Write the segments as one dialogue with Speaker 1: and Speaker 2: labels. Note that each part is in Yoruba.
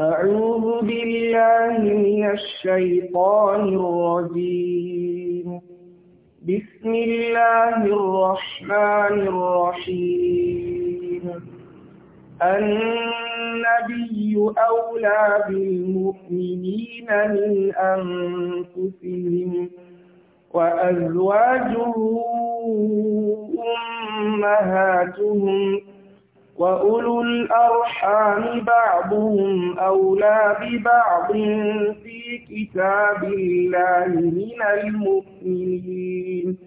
Speaker 1: أعوذ بالله من الشيطان الرجيم بسم الله الرحمن الرحيم النبي أولى بالمؤمنين من أنفسهم وأزواجه أمهاتهم وأولو الأرحام بعضهم أولى ببعض في كتاب الله من المؤمنين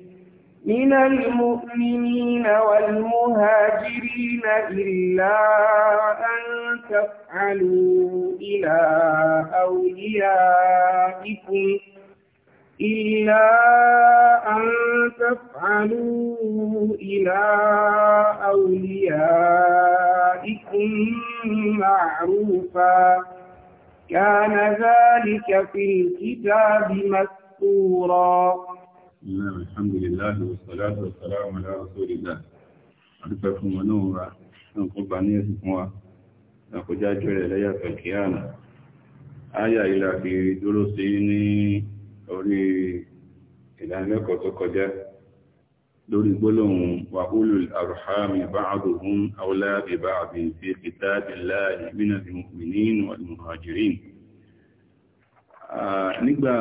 Speaker 1: من المؤمنين والمهاجرين إلا أن تفعلوا إلى أوليائكم إلا تفعلوا إلى أوليائكم معروفا كان ذلك في الكتاب مسطورا
Speaker 2: الحمد لله والصلاة والسلام على رسول الله أحبكم ونورا أنقل بانيتكم وأخجاج إليها في الكيانة آية إلى في دروسيني أولي orí ìdánilẹ́kọ̀ọ́ tó kọjá lórí gbólóhùn wa ulul arhami ba'duhum awla bi ba'din fi kitabillahi minal mu'minin wal muhajirin nígbà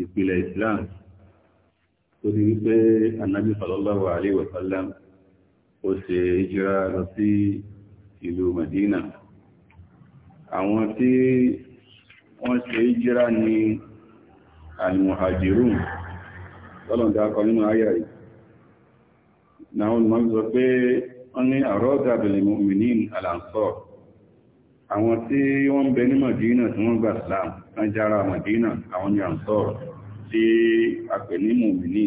Speaker 2: ìpìlẹ̀ islam tó ti wípé annabi sallallahu alaihi wasallam ó ṣe ìjírá lọ sí ìlú madina àwọn tí wọ́n ṣe ìjírá ni al-muhajirun lọ́lọ́dá akọ nínú ayà náà olùmọ́ sọ pé wọ́n ní àrọ́dà bẹ̀lẹ̀ mọ̀mìnì àlàǹsọ̀ àwọn tí wọ́n ń bẹ ní Mọ̀dínà tí wọ́n gbà Islam wọ́n jára Mọ̀dínà àwọn ni àǹsọ̀ tí a pè ní mọ̀mìnì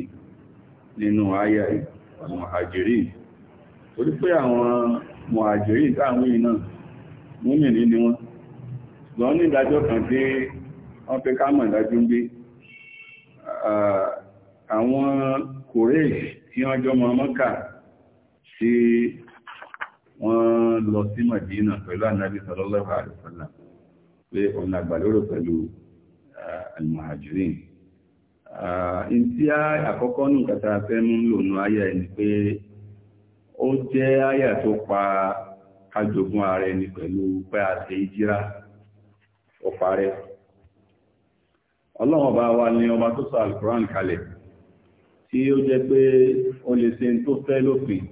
Speaker 2: nínú àyà mọ̀hàjírì torí pé àwọn mọ̀hàjírì táwọn iná mọ̀mìnì ni wọ́n ṣùgbọ́n ní ìdájọ́ kan tí wọ́n fẹ́ ká mọ̀ ìdájú ń gbé àwọn kòrèèṣì tí wọ́n jọ mọ́ mọ́kà tí wọ́n lọ sí Màdínà pẹ̀lú ànábì sallallahu alaihi wasallam pé ọ̀nà àgbàlérò pẹ̀lú al-muhajirin in tí àkọ́kọ́ nù kàtà fẹ́ mú lònà ayà ẹni pé ó jẹ́ ayà tó pa ajogun ààrẹ ẹni pẹ̀lú pé wa ní ọba tó sọ al-Qur'an kalẹ̀ tí ó jẹ́ pé o lè se tó fẹ́ lófin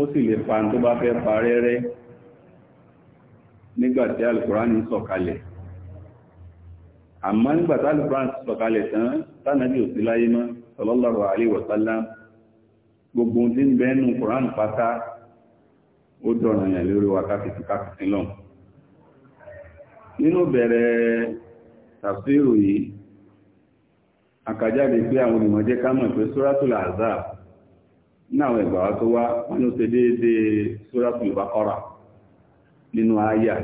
Speaker 2: ó sì lè pa tó bá fẹ́ pa rẹ́rẹ́ nígbàtí alùkùránì sọ̀kalẹ̀ àmọ́ nígbàtí alùkùránì sọ̀kalẹ̀ tán tánàbí ò sí láyé mọ́ sallallahu alaihi gbogbo tí ń bẹ́ẹ̀nù kùránì pátá ó dọ̀nà yàn lórí wa káfíkì káfíkì lọ nínú bẹ̀rẹ̀ tàfsírù yìí àkàjáde pé àwọn olùmọ̀jẹ́ ká mọ̀ pé sóràtùlà azab ní àwọn ìgbà wa tó wá wọ́n ní ó ṣe déédéé sóràtùlù bakara nínú àyà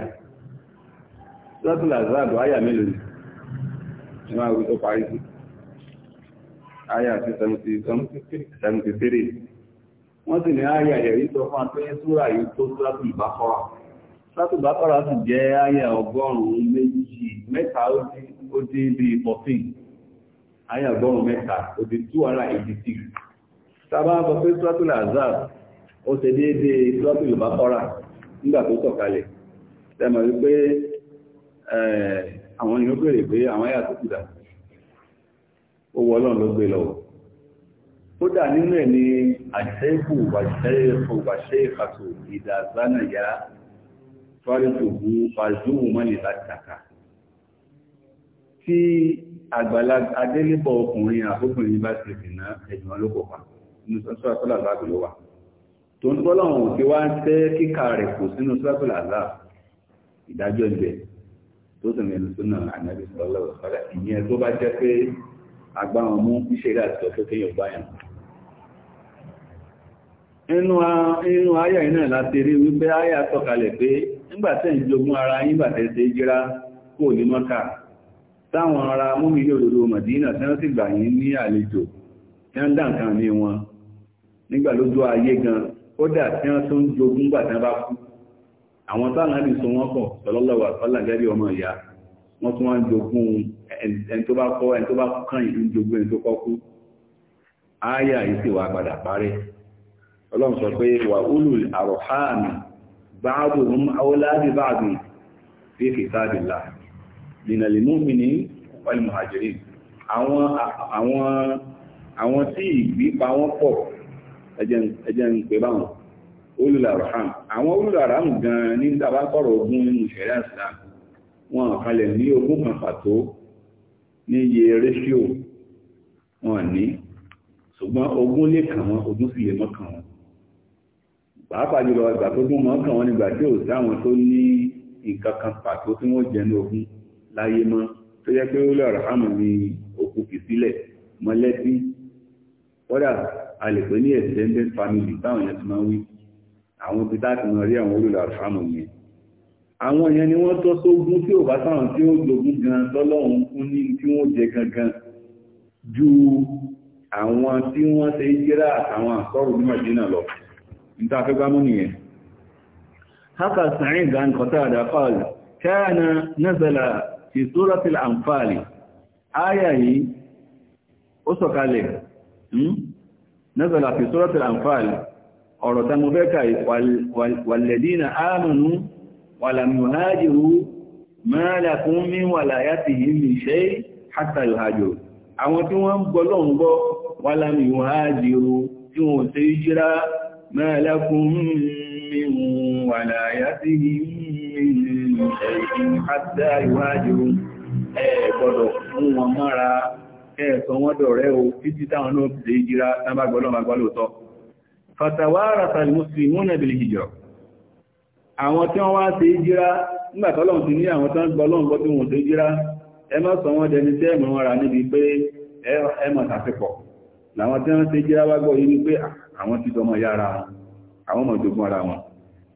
Speaker 2: sóràtùlà azab àyà mélòó ni wọ́n á tó parí sí àyà 73 wọ́n sì ní àyà fún yìí tó sóràtùlù sóràtùlù sì jẹ́ àyà ọgọ́rùn-ún méjì mẹ́ta ó ayé ọgọ́rùn mẹ́ta odi 286 sábà bọ́ pé sọ́tùlù azab ó ṣe déédé sọ́tùlù bá kọ́ra nígbà tó sọ̀kalẹ̀ tẹ́mọ̀ wípé àwọn èèyàn bèèrè pé àwọn ayà tó kùdà ó wọ ọlọ́run ló gbé lọ ó dà nínú ẹ̀ ní àṣẹ́kù wàṣẹ́kù wàṣẹ́kàtò ìdàzánàyà fárítòkú fàzúhùmọ́lì látàkà tí àgbàlagbà adélébọ̀ ọkùnrin àbóbìnrin bá ti rìnà ẹ̀jùn ló kò pa nínú sọ́sọ́lá àzáàbì ló wà tó ń tọ́lọ̀wọ̀n òkè wá ń tẹ́ kíkà rẹ̀ kò sínú sọ́sọ́lá àzáàbì ìdájọ́ ibẹ̀ tó sì mẹ́nu sínú ànábì sọ́lá ọ̀sọ́lá ìyẹn tó bá jẹ́ pé agbáwọn mú iṣẹ́ láti sọ pé kéèyàn bá yàn inú ayà iná láti rí wípé táwọn ará múmi ní òdòdó Màdínà tí wọ́n sì gbà yín ní àlejò tí wọ́n dá nǹkan ní wọn nígbà lójú ayé gan kódà tí wọ́n tó ń jogún gbà tí wọ́n bá kú àwọn táwọn ní so wọ́n pọ̀ sallallahu alaihi wasallam gẹ́gẹ́ ọmọ ìyá wọ́n tún wọ́n jogún ẹni tó bá kọ́ ẹni tó bá kú kàn yìí ń jogún ẹni tó kọ́ kú ááyà yìí sì wà padà parí ọlọ́run sọ pé wà ulul arham ba'duhum awla bi ba'd fi kitabillah lìnàlìmúmi ní ọlùmọ̀hàjìrí àwọn tí ìgbí pa wọ́n pọ̀ ẹjẹ́ ń pè báwọn olùlàrọ̀hàn àwọn olùlàrọ̀hàn gan ní tàbá kọ̀rọ̀ ogun nínú ìṣẹ̀rẹ́ àṣà wọn àkàlẹ̀ ní ogún kan pàtó ní iye réṣíò wọn ní ṣùgbọ́n ogún lè kàn wọn ogún sì lè mọ́ kàn wọn pàápàá jùlọ ìgbà tó gún mọ́ wọn nígbà tí ò sí àwọn tó ní nǹkan kan pàtó tí wọ́n jẹ ní ogún láyé mọ́ tó yẹ pé ó lè ọ̀rọ̀ àmọ̀ ní òkú kì sílẹ̀ mọ́lẹ́bí kódà a lè pè ní extended family táwọn yẹn ti máa wí àwọn ti láti mọ rí àwọn olùlọ ọ̀rọ̀ àmọ̀ yẹn àwọn yẹn ni wọ́n tọ́ sógún tí ò bá sáwọn tí ó jogún gan tọ́lọ́hun fún ní tí wọ́n jẹ gangan ju àwọn tí wọ́n ṣe jẹ́rà àtàwọn àsọ́rù ní Màdínà lọ ìtafẹ́gbámú nìyẹn haka sa'id gan qatada qala kana nazala fi suratil Anfal áyà yìí ó sọ̀kalẹ̀ hmm? nazala fi suratil Anfal ọ̀rọ̀ tá mo fẹ́ kà walladina amanu walam yuhajiru ma lakum min walayatihim min shay hatta yuhajiru àwọn tí wọ́n ń gbọ́ lọ́n gbọ́ walam yuhajiru tí wọ́n ṣe hijira ma lakum ṣẹ̀yìn àti ìwájú ẹ gbọ́dọ̀ fún wọn mọ́ra ẹ̀ẹ̀sọ wọn dọ̀rẹ́ o títí táwọn náà ti lè jíra tábàgbọ́lọ́màgbà lóòtọ́ fatawarata al-muslimuna bil hijra àwọn tí wọ́n wá ti jíra nígbàtọ́lọ́n ti ní àwọn tán gbọ́lọ́ngbọ́ tí wọ́n ti jíra ẹ má sọ wọ́n dẹni tẹ́ mọ̀ ra níbi pé ẹ mọ̀ tàfipọ̀ làwọn tí wọ́n ti jíra wá gbọ́ yìí ah, yára àwọn mọ̀ jogun ara wọn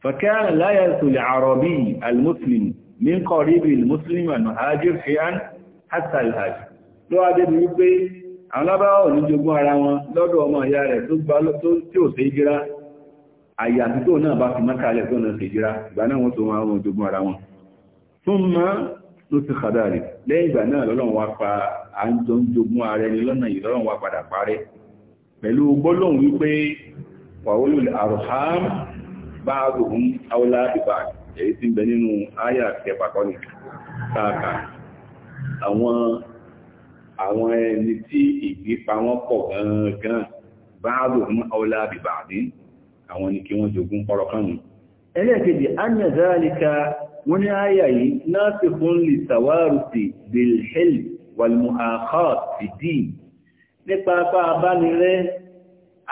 Speaker 2: فكان لا يرث العربي المسلم من قريب المسلم المهاجر شيئا حتى الهاجر لو عدد يبقى alábáwọ̀ ní jogún ara wọn lọ́dọ̀ ọmọ ìyá rẹ̀ tó gbá tí ó ṣe jíra àyà tí tó náà bá fi mọ́ kalẹ̀ tó náà ṣe jíra ìgbà náà wọ́n tó wọ́n àwọn jogún ara wọn fún mọ́ ló ti kàdà rẹ̀ lẹ́yìn ìgbà náà lọ́lọ́run wá pa àjọ jogún ara ẹni lọ́nà yìí lọ́lọ́run wá padà parẹ́ pẹ̀lú gbólóhùn wípé wàhólù àrùhám báàrù ń aúlá ìbá èyí tí ń bẹ nínú àyà kẹfàkọ́ ní káàkà àwọn àwọn ẹni tí ìgbípa wọn pọ̀ gan-an báàrù ń aúlá ìbá ní àwọn ni kí wọ́n jogún ọ̀rọ̀ kan nípa apá abánirẹ́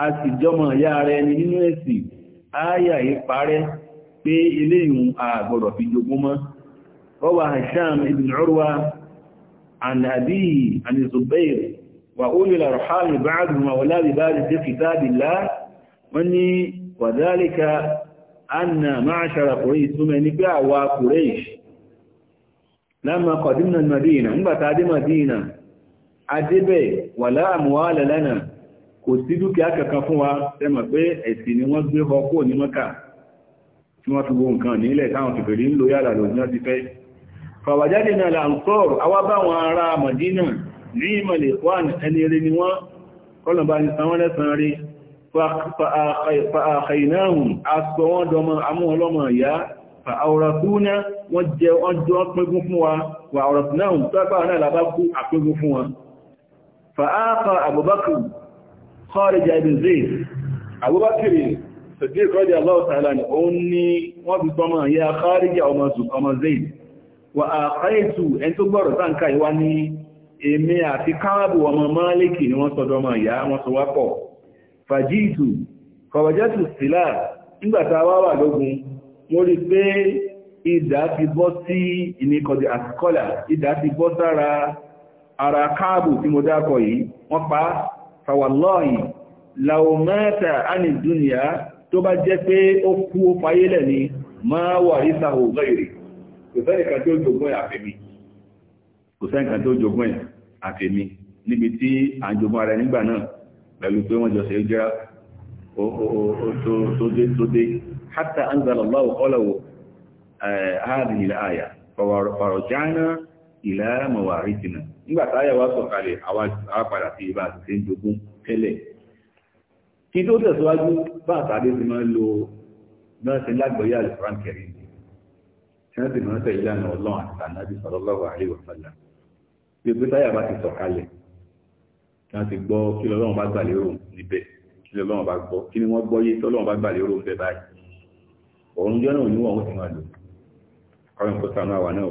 Speaker 2: àtijọ́mọ̀ ìyá rẹ̀ nínú ẹ̀sìn ááyà yìí parẹ́ pé eléyìí àgbọ̀dọ̀ fi jogún mọ́ rọwà Hisham ibn Urwa an abihi an Zubair wa ulil arham ba'dhum wa waladi ba'd fi kitabillah wọ́n ní wa dhalika kò sí dúkìá kankan fún wa tẹ́mọ̀ pé ẹ̀sìn ni wọ́n gbé ọkú ní mọ́kà tí wọ́n fi wo nǹkan nílẹ̀ táwọn kèfèrí ń lo yàrá lòdì ti fẹ́ fàwàjáde náà là ń sọ́rọ̀ awábáwọn ará Mọ̀dínà ní ìmọ̀lẹ̀ wọ́n ẹni rí ni wọ́n kọlọ̀bá ní sanwọ́n lẹ́sàn rí fa'àkàìnáhùn aṣọ wọn dọmọ amúhọlọ́mọ ìyá fa'àwọ̀rọ̀kúnná wọ́n jẹ ọjọ́ pẹ́gún fún wa Kharija ibn Zayd Abubakar Siddiq radiyallahu ta'ala ni ó ní wọ́n fi sọmọ ya Kharija ọmọ ọmọ Zayd wà àkáyètù ẹni tó gbọ́rọ̀ sáǹkà ìwá ní èmi àti Káàbù ọmọ Máàlìkì ni wọ́n sọdọ́ ọmọ ìyá wọn sọ wápọ̀ fàjíìtù kọ̀wàjẹ́tù sílá nígbàtà wá wà lógun mo ara Káàbù tí mo dákọ̀ yìí wọ́n pa fàwàlọ́ọ̀yì làwòmẹ́ta ánì dúnìyà tó bá jẹ́ pé ó kú ó fayélẹ̀ ni máa wà ríta ògbọ́ ìrì kò sẹ́nìkan tó jogún ẹ̀ àfẹ́mi kò sẹ́nìkan tó jogún ẹ̀ àfẹ́mi níbi tí à ń jogún ara nígbà náà pẹ̀lú pé wọ́n jọ jẹ́ tó hátà anzalallahu eh, ìlà mọ̀wàrídìnà nígbà táyà wá sọ̀kalẹ̀ àwápadà sí ibà àti ìjogún tẹ́lẹ̀ kí tó tẹ̀síwájú bá àtàdé ti máa lo mẹ́rin lágbọ̀yà alìfran kẹrin tí wọ́n sì máa tẹ̀ ìlànà sallallahu alaihi wa sallam bí pé táyà bá ti sọ̀kalẹ̀ kí wọ́n ti gbọ́ kí lọ́lọ́run bá gbà lérò níbẹ̀ kí lọ́lọ́run bá gbọ́ kí ni wọ́n gbọ́ yé tọ́lọ́run bá gbà lérò níbẹ̀ báyìí ọ̀rọ̀ nǹkan sànú àwa náà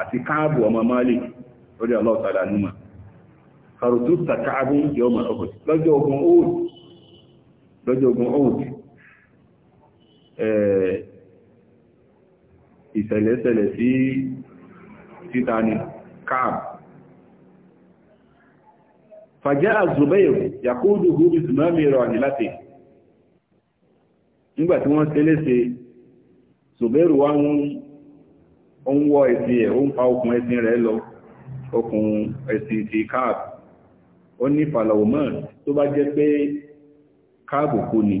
Speaker 2: àti káàbù ọmọ Malik lórí ọlọ́ọ̀tàdà númà kàrùtù tàkàbù yọmọ ọkùn lọ́jọ́ ogun old lọ́jọ́ ogun old ìṣẹ̀lẹ̀ṣẹ̀lẹ̀ sí síta ni káàbù fàjá àzùbẹ́yẹ̀ yàkóòdù gúrù tsunami rọ̀ ó ń wọ́ ẹ̀sìn ẹ̀ ó ń pa okùn ẹ̀sìn rẹ̀ lọ okùn ẹ̀sìn ti káàbù ó ní fàlàwòmọ́ tó bá jẹ́ pé káàbù kú ni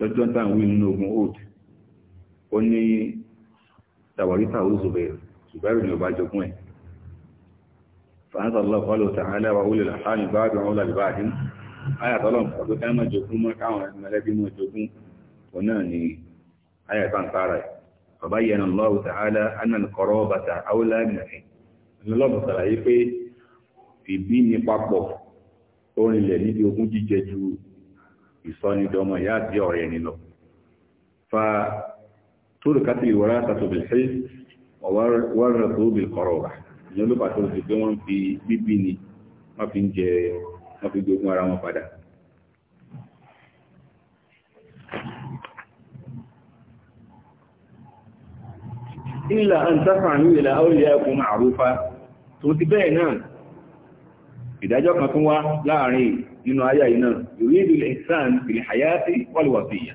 Speaker 2: lọ́jọ́ táwọn wí nínú ogun old ó ní tàwàrítà ó zùbẹ̀rù zùbẹ̀rù ni ó bá jogún ẹ̀ fàánsàlọ́ fọ́lọ̀ tààlà wà wúlẹ̀ láàrín bá bí wọ́n lálẹ́ báyìí ayàtọ́lọ́ ọdún ká mọ́ jogún mọ́ káwọn mẹ́lẹ́bí mọ́ jogún òun náà ni ayàtọ́ ń kára ẹ̀ فبين الله تعالى أن القرابة أولى من الحج الله تعالى pé ìbíni papọ̀ orinlẹ̀ níbi ogún jíjẹ ju ìsọnidọmọ ìyá àti ọ̀rẹ́ ẹni lọ fa تركت بالقرابة ìyẹn ló pàtó ti pé wọ́n fi bíbí ni wọ́n fi ń jẹ ìlà ń tàfà ní ìlà àwòrìyà ẹkùn ma'rufa tó ti bẹ́ẹ̀ náà ìdájọ́ kan tún wá láàrin nínú ayá iná yuridu al-ihsan fil hayati wal wasiyya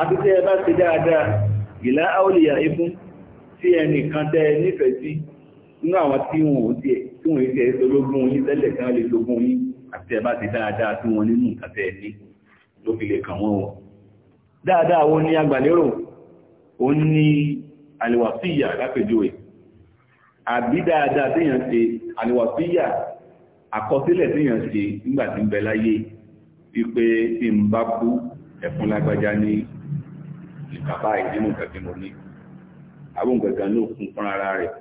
Speaker 2: àti tẹ́ ẹ bá ti dáadáa ìlà àwòrìyà ikún tí ẹnìkan tẹ́ nífẹ̀ẹ́ sí nínú àwọn wo ni agbàlérò ó ní àlìwàsíyà lápèjúwe àbí dáadáa téèyàn ṣe àlìwàsíyà àkọsílẹ̀ téèyàn ṣe nígbà tí ń bẹ láyé wípé tí ń bá kú ẹ̀fún lágbájá ní ìkàbá ìdínú kẹfẹ́ mo ní àwọn gẹ̀gàn ló kún fún ara rẹ̀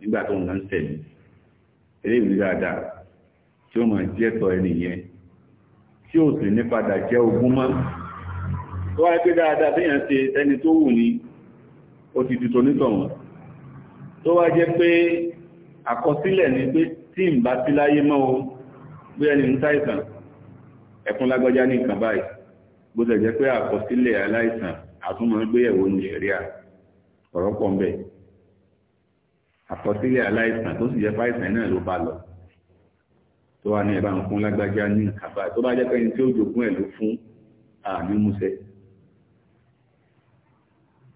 Speaker 2: nígbà tó ń lọ ń tẹ̀lé eléyìí ní dáadáa tí ó máa jẹ́ tọ́ ẹni yẹn tí ó sì ní padà jẹ́ ogún mọ́ tó wáyé pé dáadáa téèyàn ṣe ẹni tó wù ní ó ti dìtò nítọ̀wọ̀n tó wá jẹ́ pé àkọsílẹ̀ ni pé tí ń bá sí láyé mọ́ o bí ẹni ń ṣàìsàn ẹ̀kún lágbájá ní nǹkan báyìí bó tẹ̀ jẹ́ pé àkọsílẹ̀ aláìsàn àtúmọ̀ ń gbé ẹ̀wọ̀ ní ṣẹ̀ríà ọ̀rọ̀ pọ̀ ń bẹ̀ àkọsílẹ̀ aláìsàn tó sì jẹ́ fáìsàn náà ló bá lọ tó wá ní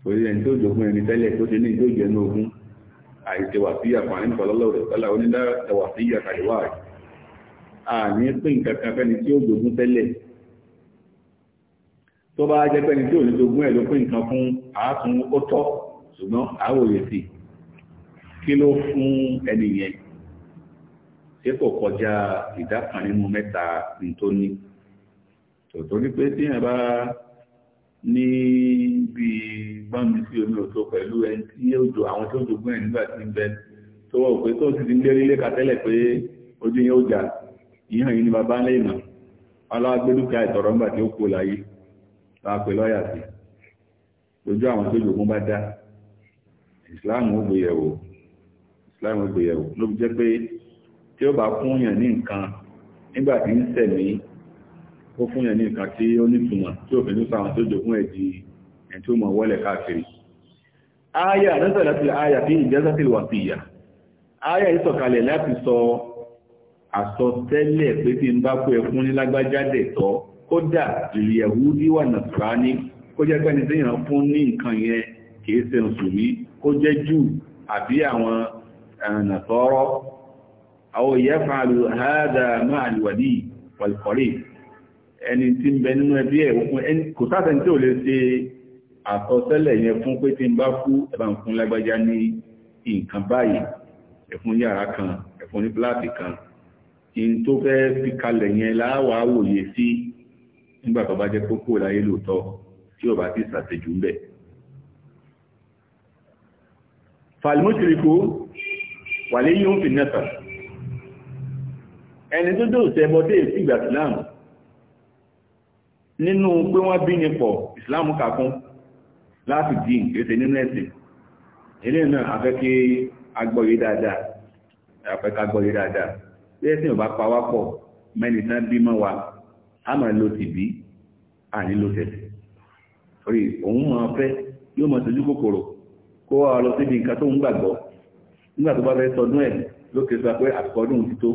Speaker 2: torí ẹni tó jogún ẹni tẹ́lẹ̀ tó ṣe ní ìjó ìjẹnu ogun àìṣẹwà sí àpàrin tọ́lọ́lọ́ rẹ̀ tọ́lá onídàwà sí àkàríwá rẹ̀ a ní pín kankan fẹ́ni tí ó jogún tẹ́lẹ̀ tó bá jẹ́ pẹ́ni tí ò ní jogún ẹ̀ ló pín nǹkan fún àátún ó tọ́ ṣùgbọ́n àwòrẹ̀ sí kí ló fún ẹni yẹn ṣé kò kọjá ìdá kan nínú mẹ́ta ní tó ní tòtò ní pé tí yẹn bá ní bí gbọ́nmi sí omi òtó pẹ̀lú ẹni tí òjò àwọn tó jogún ẹ̀ nígbà tí ń bẹ tó wọ́n pé tó sì ti ń lérí lé katẹ́lẹ̀ pé ojú yẹn ó jà ìyàn yìí ni bàbá ńlẹ̀ ìmọ̀ alágbélúkà ìtọ̀rọ̀ ńgbà tí ó kó láyé láàpẹ lọ́yà sí ojú àwọn tó jogún bá dá ìsìláàmù ó gbéyẹ̀wò ìsìláàmù ó gbéyẹ̀wò ló fi jẹ́ pé tí ó bá fún yàn ní nǹkan nígbà tí ń sẹ̀mí ó fún yẹn ní nǹkan tí ó nítumọ̀ tí ò fi ní sáwọn tó jogún ẹ̀ di ẹ̀ tí ó mọ̀ wọlé káàkiri aya nẹ́sẹ̀lẹ̀ ti aya fi ìjẹ́sẹ̀tì wà sí ìyà aya yìí sọ̀kalẹ̀ láti sọ àsọtẹ́lẹ̀ pé tí ń bá kú ẹkún ní lágbájáde tọ́ kódà Yẹhudi wà Nasrani kó jẹ́ pẹ́ni tí yàn fún ní nǹkan yẹn kìí ṣe mùsùlùmí kó jẹ́ jù àbí àwọn nàtọ́rọ́ àwọn ìyẹ́fà àlùhádà máa àlùwàdí pọ̀lìpọ̀lì ẹni tí ń bẹ nínú ẹbí ẹ̀ kò sáfẹ́ tí ò lè ṣe àkọsẹ́lẹ̀ yẹn fún pé tí ń bá kú ẹ̀bà ń fún lágbájá ní nǹkan báyìí ẹ̀fún yàrá kan ẹ̀fún ní pláàtì kan in tó fẹ́ fi kalẹ̀ yẹn láwàá wòye sí nígbà tó bá jẹ́ kókó láyé lóòótọ́ tí ò bá ti ṣàṣejù ń bẹ̀. falmutiriku wà lẹ́yìn òfin nẹ́fà ẹni tó dóòtẹ́ bọ́dé ìgbà nínú pé wọ́n bí ní pọ̀ ìsìláàmù kàkún láti dín ìrẹsẹ̀ nínú ẹ̀sìn ilé náà afẹ́ kí agbọ́yé dáadáa afẹ́ ká gbọ́yé dáadáa bí ẹ̀sìn ò bá pa wá pọ̀ mẹ́ni tán bí mọ́ wa a máa lo ti bí a ní lo tẹ̀sí orí òun máa fẹ́ yóò máa sojú kòkòrò kó wá lọ síbi nǹkan tó ń gbàgbọ́ nígbà tó bá fẹ́ sọdún ẹ̀ lókè sọ pé àkọ́dún ti tó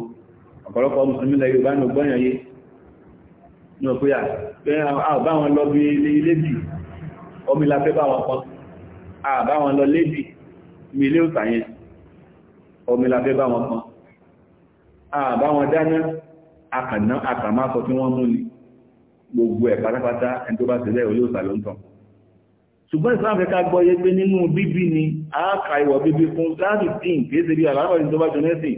Speaker 2: ọ̀pọ̀lọpọ̀ mùsùlùmí lẹ́yìn ò bá ní ọgbọ́n yẹn ní òpéyà pé àbá wọn lọ bí lébì omi la fẹ́ bá wọn pọn àbá wọn lọ lébì mi ilé òtà yẹn omi la fẹ́ bá wọn pọn àbá wọn dáná akànná akàmá sọ tí wọ́n mú ni gbogbo ẹ̀ pátápátá ẹni tó bá tẹ̀lẹ̀ olóòsà ló ń tàn ṣùgbọ́n ìsìn àfẹ́ká gbọ́yé pé nínú bíbí ni a kà ìwọ̀ bíbí fún láti dín kéèsè bí àlàáfẹ́ tó bá jọ nẹ́sìn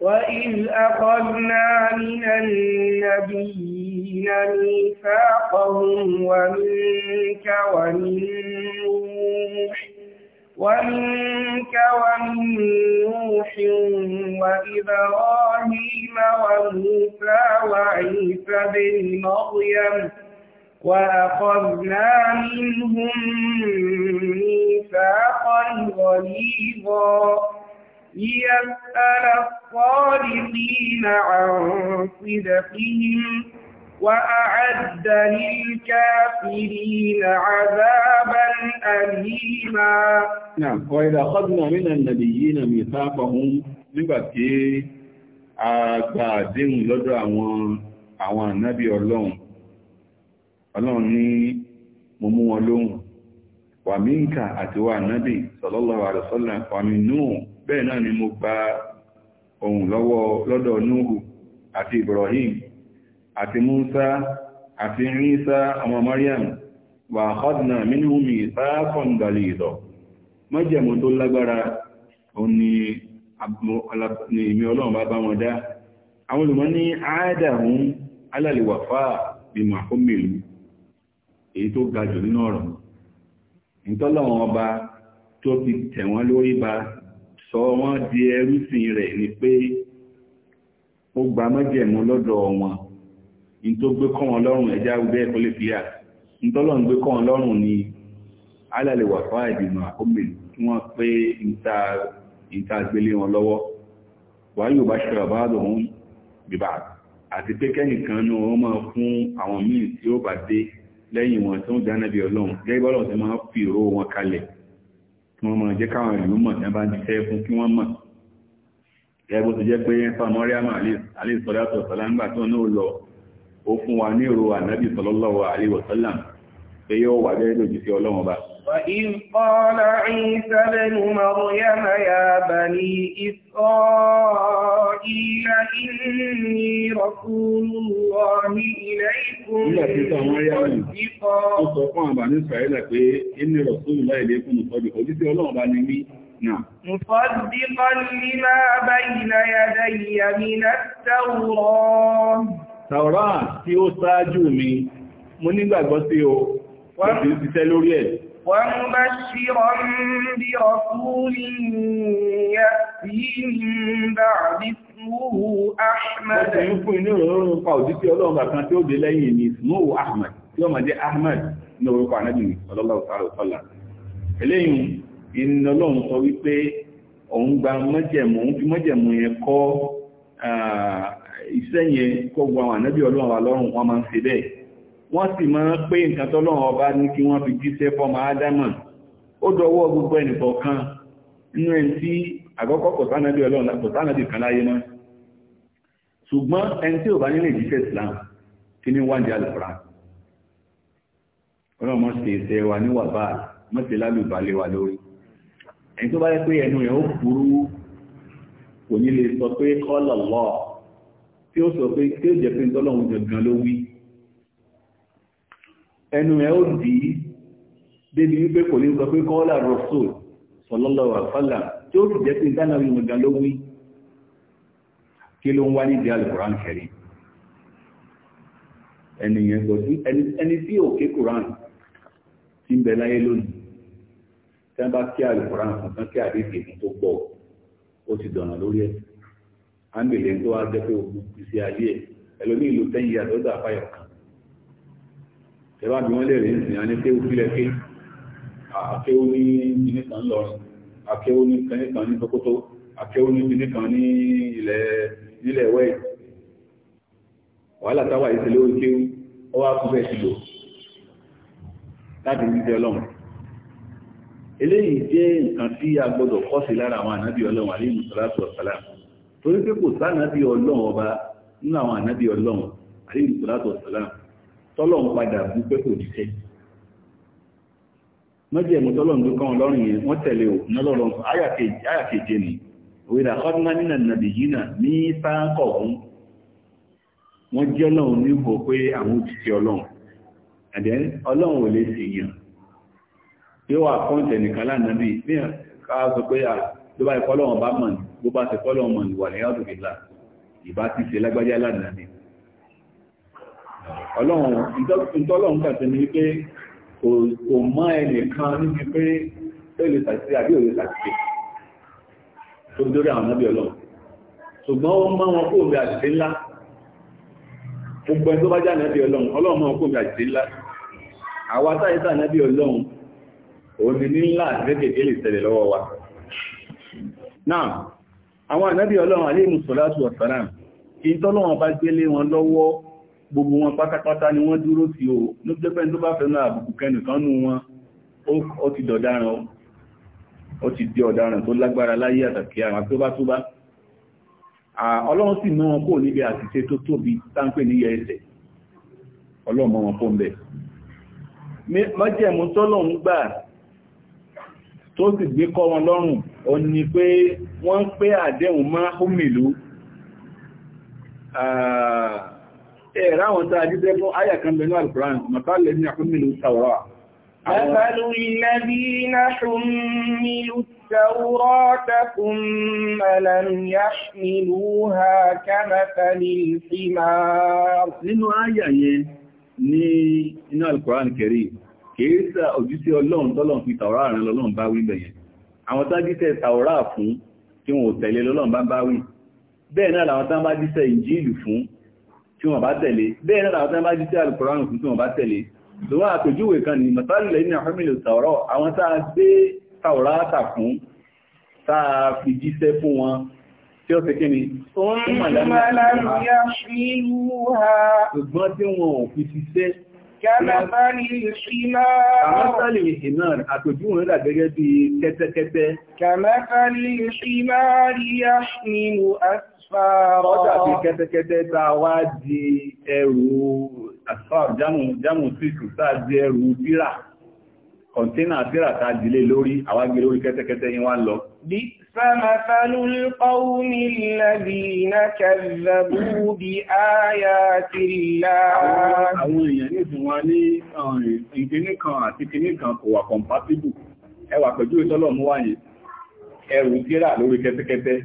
Speaker 1: وإذ أخذنا من النبيين ميثاقهم ومنك ومن نوح ومنك ومن نوح وإبراهيم وموسى وعيسى بن مريم وأخذنا منهم ميثاقا غليظا ليسأل الصادقين عن صدقهم وأعد للكافرين عذابا أليما
Speaker 2: نعم وإذا أخذنا من النبيين ميثاقهم نبكي أقادم لدى àwọn ànábì ọlọ́run الله ní mo mú wọn wà mínkà àti wà nábì sallallahu alaihi wasallam wà mí núù bẹ́ẹ̀ náà ni mo gba ohun lọ́wọ́ lọ́dọ̀ núhù àti ibrahim àti musa àti rísá ọmọ mariam wà khadna minhum mithaqan ghalidha májẹ̀mú tó lágbára òun ni ìmí ọlọ́run bá bá wọn dá àwọn olùmọ́ ní àádàrún alálèwàfà bí màkó mèlú èyí tó ga nínú ọ̀rọ̀ náà ìtọ́lọ́wọ́n ọba tó fi tẹ̀ wọ́n lórí ba sọ wọ́n di ẹrúsìn rẹ̀ ni pé ó gba mọ́jẹ̀mú lọ́dọ̀ wọn ní tó gbé kọ́ wọn lọ́rùn ẹja bẹ́ẹ̀ kó lè fi à gbé kọ́ wọn lọ́rùn ni alàlẹ̀wà fún àìdìmọ̀ àkóbìnrin tí wọ́n pé ìta àgbélé wọn lọ́wọ́ wà yóò bá ṣe ọ̀bá àdọ̀hún bìbà àti pé kẹ́nìkan ní wọ́n máa fún àwọn míì tí ó bá dé lẹ́yìn wọn tó ń jẹ́ ànábì ọlọ́run gẹ́gẹ́ bọ́lọ̀ tí máa fi ìró wọn kalẹ̀ kí wọ́n máa jẹ́ káwọn ìlú mọ̀ tí ń ṣiṣẹ́ fún kí wọ́n mọ̀ je bó jẹ́ pé fa mọ́ríàmà salatu wa salam nígbà tó na lọ ó fún wa ní ìró ànábì pé yóò wà lẹ́rẹ́ lòdì sí ọlọ́run bá.
Speaker 1: وَإِذْ قَالَ عِيسَى ابْنُ مَرْيَمَ يَا بَنِي إِسْرَائِيلَ إِنِّي رَسُولُ اللَّهِ إِلَيْكُمْ مُصَدِّقًا
Speaker 2: Ó sọ fún àbà ní Ìsìráìlà pé إِنِّي رَسُولُ اللَّهِ إِلَيْكُمْ مُصَدِّقًا ojú sí ọlọ́run bá ní mí.
Speaker 1: مُصَدِّقًا لِمَا بَيْنَ يَدَيَّ مِنَ التَّوْرَاةِ
Speaker 2: Tàwọ́rá tí ó ṣáájú mi, mo nígbàgbọ́ sí o, Òfin ṣiṣẹ́ lórí ẹ̀.
Speaker 1: Wọ́n bá ṣírọ̀ ń bí ọ̀túlì yà sí ìgbà àbísmúhù Ahmed. Ó ti ń
Speaker 2: fún inú ìrọ̀rùn pa òjíṣẹ́ ọlọ́run kan tí ó dé lẹ́yìn ní Ismúhù Ahmed ọlọ́run sọ wípé òun gba mọ́jẹ̀mú, òun fi mọ́jẹ̀mú yẹn kọ́ iṣẹ́ yẹn kó gbọ́ ọlọ́run wa lọ́rùn wọn máa ń ṣe bẹ́ẹ̀ wọ́n sì máa pé nǹkan tọ́lọ́run ọba ní kí wọ́n fi jíṣẹ́ fọ́mọ ádámà ó dọwọ́ gbogbo ẹnìkọ̀ọ̀kan inú ẹni tí àkọ́kọ́ kò sánàbí ọlọ́run kò sánàbí kan láyé mọ́ ṣùgbọ́n ẹni tí ò bá nílé jíṣẹ́ Islam kí ní wáńdí alùpùrà ọlọ́run mọ́ sí ẹsẹ̀ wa níwà bá mọ́ sí lálùbalẹ̀ wa lórí ẹni tó ẹnu ẹ ó dì í débi wípé kò ní sọ pé kọ́ọ́lá rọ́sùl sallallahu alaihi wasallam tí ó sì jẹ́ pé dáná yìí mọ̀gá ló wí kí ló ń wá nídìí alukuran kẹrin ẹnìyẹn sọ sí ẹni tí ò ké kuran ti ń bẹ láyé lónìí tí wọ́n bá kí alukuran kankan kí àdéhùn tẹ́yìn àdọ́dọ̀ àbáyọ̀ kan ẹ̀bá bí wọ́n lè rí ìsìn àní pé ó fílẹ̀ pé akéwó ní ìdíní kan lọ́rin akéwó ní kẹ́ní kan ní tókótó akéwó ní ìdíní kan ní ilẹ̀ wẹ́ wàhálà táwà ìṣẹ̀lẹ̀ ó kéwú ó wá kú bẹ́ẹ̀ ti lò láti ní ọlọ́run eléyìí jẹ́ nǹkan tí a gbọ́dọ̀ kọ́ sí lára àwọn ànábì ọlọ́run àlẹ́ ìmùsọ̀láṣọ̀ ọ̀sálà torí pé kò sáà ọlọ́run ọba nínú àwọn ànábì ọlọ́run àlẹ́ ìmùsọ̀láṣọ̀ ọ̀sálà tọ́lọ̀ ń padà bú pé kò ní tẹ́ mọ́jẹ̀mú tọ́lọ̀ ń dúkọ́ ọlọ́run yẹn wọ́n tẹ̀lé ò nọ́lọ́run ayàkèje ni òwèrè àkọ́dúnmá nínà nàbì yìí nà ní sáńkọ̀ ọ̀hún wọ́n jẹ́ ọlọ́run ní ìbò pé àwọn òtítẹ́ ọlọ́run àdẹ́ ọlọ́run ò lè sì yàn yóò wà kọ́ǹtẹ̀ nìkan lánàbì bí ká sọ pé à ló bá ikọ́ ọlọ́run bá mọ̀ ní bó bá ti kọ́ ọlọ́run ọlọ́run ìtọ́lọ́run pàtẹ ní pé kò mọ́ ẹnìkan níbi pé tẹ́lẹ̀ tàbí àbí òye tàbí tó dórí àwọn ọmọbí ọlọ́run ṣùgbọ́n ó mọ́ wọn kó omi àṣìṣe ńlá gbogbo ẹni tó bá jáde ẹbí ọlọ́run ọlọ́run mọ́ wọn kó omi àṣìṣe ńlá àwa táyé tà ẹbí ọlọ́run òun ni ńlá àti kékeré lè tẹ̀lé lọ́wọ́ wa náà àwọn ànábì ọlọ́run aléìmùsọ̀lá àti ọ̀sán náà kí tọ́lọ́run bá gbélé wọn lọ́wọ́ gbogbo wọn pátápátá ni wọ́n dúró sí o ló jẹ́ pẹ́ tó bá fẹ́nà àbùkù kẹnìkan nù wọn ó ti dọ̀daràn ó ti di ọ̀daràn tó lágbára láyé àtàkì àwọn tó bá tó bá ọlọ́run sì mọ́ wọn kó níbi àṣìṣe tó tóbi táńpẹ́ ní yẹ ẹsẹ̀ ọlọ́run mọ́ wọn kó ń bẹ̀ májẹ̀mú tọ́lọ́run gbà tó sì gbé kọ́ wọn lọ́rùn ó ní ẹ̀rá wọn tàà jíṣẹ́ fún àyà kan bẹ̀rẹ̀ alìkùránì mọ̀tálẹ̀ ní àkúnmìlú tàwọ́rọ̀ مثل
Speaker 1: الذين حملوا التوراة ثم لم يحملوها كمثل الحمار nínú
Speaker 2: àyà yẹn ní inú alìkùránì kẹrì kìí sà òjíṣẹ́ ọlọ́run tọ́lọ́run fi tàwọ́rọ̀ àrùn lọ́lọ́run bá wí bẹ̀yẹn àwọn tájíṣẹ́ tàwọ́rọ̀ fún tí wọn ò tẹ̀lé lọ́lọ́run bá bá wí bẹ́ẹ̀ náà làwọn tá bá jíṣẹ́ ìnjílù fún tí wọ́n bá tẹ̀lé bẹ́ẹ̀ náà àwọn tẹ́lá jíjẹ́ alùkùránù fún tí wọ́n bá tẹ̀lé lọ́wọ́ àpèjúwe kan ní mọ̀tálìlẹ̀ ní àfẹ́mìlì tàọ̀rọ̀ àwọn tàà gbé tàwọ̀rátà fún tàà fi jíṣẹ́ fún wọn tí ó tẹ́kẹ́ ni
Speaker 1: ṣùgbọ́n tí wọn asfara. Ó dàbí
Speaker 2: kẹ́tẹ́kẹ́tẹ́ tá a wá di ẹrù asfara jámù síkù tá a di ẹrù tíra, kọ̀ntínà tíra tá a dìlé lórí, àwa gbé lórí kẹ́tẹ́kẹ́tẹ́ yín wá ń lọ. Bí sẹ́mẹ̀fẹ́lú
Speaker 1: qawmi alladhina kazzabu
Speaker 2: ní ìsìn wọn Ẹwà pẹ̀jú ìtọ́lọ̀ wáyé, ẹrù tíra lórí kẹ́tẹ́kẹ́tẹ́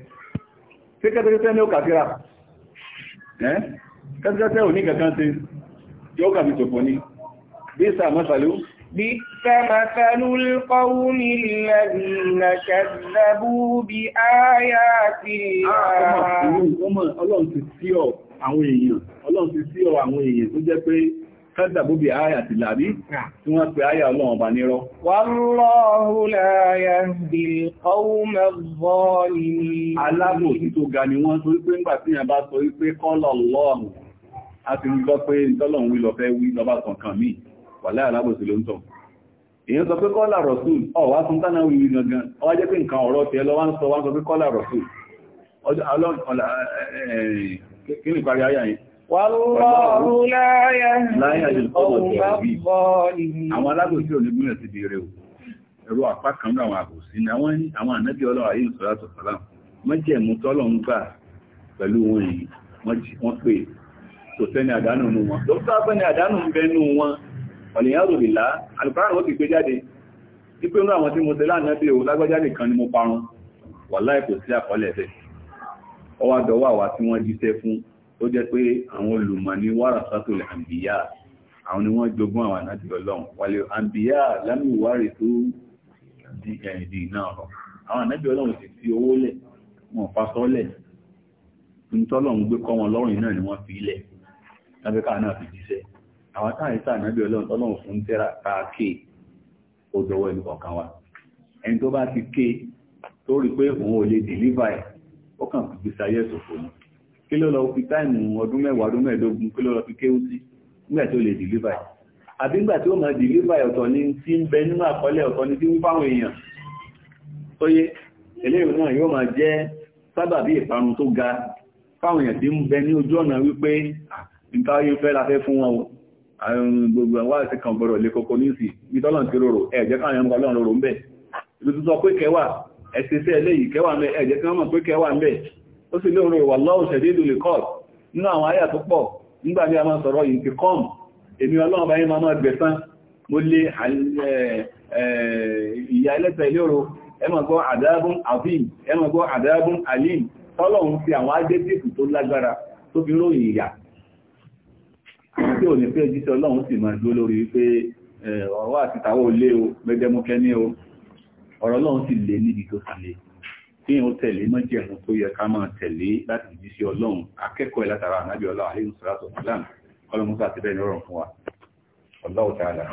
Speaker 2: ṣé kẹ́tẹ́kẹ́tẹ́ ní ó kàfíra ẹ́ kẹ́tẹ́kẹ́tẹ́ ò ní kankan ah, ti yóò kàfi tòfò ní bí sàmọ́sàlú
Speaker 1: bí sàmọ́sàlú bí áyá ti
Speaker 2: àwọn èèyàn kádàbó bí ayà ti làbí tí wọ́n pe ayà ọlọ́run bá nírọ́.
Speaker 1: Wallahu la yahdil qawma adh-dhalimin. Alábò
Speaker 2: tí tó ga ni wọ́n torí pé ńgbà tíyàn bá sọ wípé qala Allahu. A ti gbọ́ pé ìtọ́lọ̀run wí lọ fẹ́ wí lọ́bá kankan míì, wà láyà alábò sí ló ń tọ̀. Èyàn sọ pé qala Rasul, ọ̀wá tún tánà wí gangan, ọwá jẹ́ pé nǹkan ọ̀rọ̀ tẹ́ lọ wá ń sọ wá ń sọ pé qala Rasul. Kí ni ìparí ayà yìí? Wàlúwàrú láyé Àwọn alágbòsí òní gúnlẹ̀ ti bèèrè o. Ẹ̀rọ àpá kan náà àwọn àbòsí ni àwọn ànábí ọlọ́wà yìí sọ́lá tọ̀sọ́lá. Wọ́n jẹ́ mú tọ́lọ̀ ń gbà pẹ̀lú wọn yìí, wọ́n pè tó sẹ́ni àdánù nù wọn. Dókítà pẹ́ ni àdánù ń bẹ nù wọn. Ọ̀lẹ́yàrò ìlà, alùpàrà wọ́n ti gbé jáde. Ipé nú àwọn tí mo tẹ́lá ànábí òun lágbájáde kan ni mo parun. Wàláì kò sí àkọọ́lẹ̀ bẹ́ẹ̀. Ọwọ́ àdọ́wọ́ àwa tí wọ́n jíṣẹ́ fún tó jẹ́ pé àwọn olùmọ̀ ní warasatul anbiya àwọn ni wọ́n jogún àwọn ànábì ọlọ́run wal anbiya lam yuwarithu dinara eh, àwọn ànábì ọlọ́run sì fi owó lẹ̀ wọn fásọ́lẹ̀ nítọ́lọ́run gbé kọ́ wọn lọ́rùn náà ni wọ́n fi ilẹ̀ lábẹ́ká náà fi jíṣẹ́ àwọn táàrísà ànábì ọlọ́run tọ́lọ́run fún tẹ́ra káàkì òdòwò ẹnu kọ̀ọ̀kan wa ẹni tó bá ti ké tó rí pé òun ò lè dìlíva ẹ̀ ó kàn fi gbèsè ayé ẹ̀sọ̀ fòun kí ló lọ fi táìmù ọdún mẹ́wàá ọdún mẹ́ẹ̀ẹ́dógún kí ló lọ fi kéwú sí nígbà tí ó lè deliver àbí nígbà tí ó máa deliver ọ̀tọ̀ ní tí ń bẹ nínú àkọọ́lẹ̀ ọ̀tọ̀ ní tí ń fáwọn èèyàn tó yé eléyìí náà yóò máa jẹ́ sábàbí ìparun tó ga fáwọn èèyàn tí ń bẹ ní ojú ọ̀nà wípé nǹkan ayé fẹ́ la fẹ́ fún wọn àrùn gbogbo àwọn àti kan gbọdọ̀ lè kókó ní ìsì bí tọ́lọ̀ ó sì lóòrùn ìwà lọ́wọ́ ṣẹ̀dídù lè kọ́ nínú àwọn àyà tó pọ̀ nígbà bí a máa sọ̀rọ̀ yìí ti kọ́m èmi ọlọ́run báyé máa máa gbẹ̀sán mo lé eh, eh, ìyá ẹlẹ́sẹ̀ ilérò ẹmọ̀gbọ́ àdábùn àfíìm ẹmọ̀gbọ́ àdábùn alim tọ́lọ̀hun fi àwọn adétìkù tó lágbára tó fi ròyìn ìyà tí ò ní fẹ́ eh, ọ̀rọ̀ àti tàwọ̀ lé o mẹ́jẹmúkẹ́ ní o ọ̀rọ̀ ọlọ́run sì lé níbi tó sì tí ó tẹ̀lé mọ́jẹ̀mú tó yẹ ká máa tẹ̀lé láti jí sí ọlọ́run akẹ́kọ̀ọ́ látara ànábì ọlọ́run alẹ́ ìsọ́lá tó fúlàn ọlọ́run sáà ti bẹ́ẹ̀ ní ọ̀rọ̀ fún wa ọlọ́run tààlà